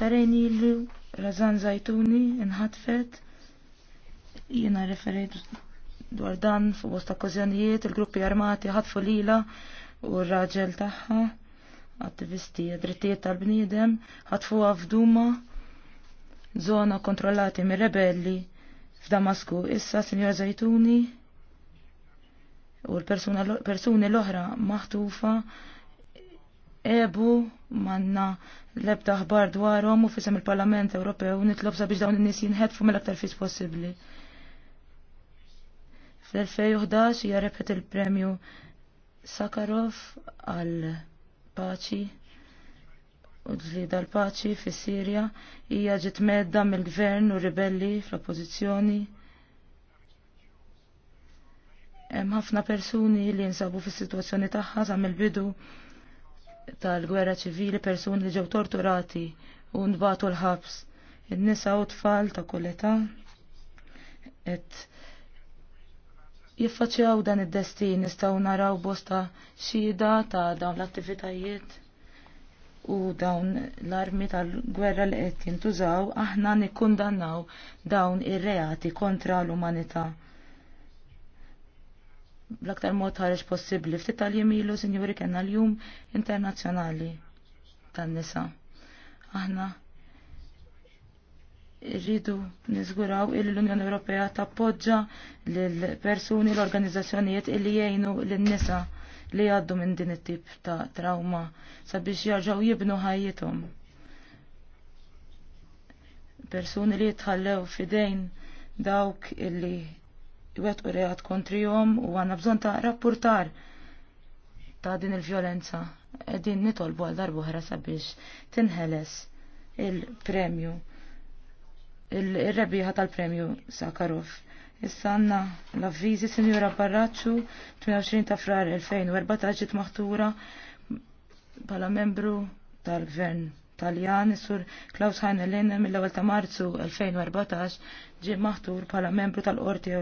Xarajn ilu, Razan Zajtuni, nħatfet, jina referejt dwar dan fuq bosta il-gruppi armati ħatfu lila u r-raġel tagħha attivisti e drittijiet tal-bniedem ħatfu għafduma zona kontrollati mir rebelli f'Damasku. Issa Sinjor Zajtuni u l-persuni l-oħra maħtufa ebu manna lebda ħbar dwarhom u fisem il-Parlament Ewropew nitlob sabiex dawn in-nies jinħedfu mill-aktar fis possibbli. Fl-2011 hija rebħet il-premju Sakharov għal paċi u ġlida l-paċi fis sirja hija ġiet medda mill-gvern u ribelli fl-oppożizzjoni. Hemm ħafna persuni li jinsabu fis-sitwazzjoni tagħha sa mill-bidu tal-gwerra ċivili persuni li ġew torturati u nbatu l-ħabs. In-nisa u tfal ta' kull età qed jiffaċċjaw dan id-destin nistgħu naraw bosta xhieda ta' dawn l-attivitajiet u dawn l-armi tal-gwerra li qed jintużaw aħna nikkundannaw dawn ir-reati kontra l-umanità bl-aktar mod ħareġ possibbli. Ftit tal jum ilu, sinjuri, kena l-jum internazzjonali tan-nisa. Aħna irridu niżguraw illi l-Unjoni Ewropea tappoġġa l persuni l-organizzazzjonijiet illi jgħinu lin-nisa li għaddu minn din it-tip ta' trauma sabiex jarġaw jibnu ħajjithom. Persuni li jitħallew fidejn dawk illi wet u reat kontrijom u għanna bżon ta' rapportar ta' din il-violenza. Din nitolbu għal darbuħra sabiex tinħeles il-premju, il-rebiħa tal-premju Sakarov. Issa għanna l-avvizi Sinjura Barraċċu 28 ta' frar 2014 ġiet maħtura bħala membru tal-gvern Taljan, sur Klaus Heinelin mill-ewwel ta' Marzu 2014 ġie maħtur bħala membru tal-Qorti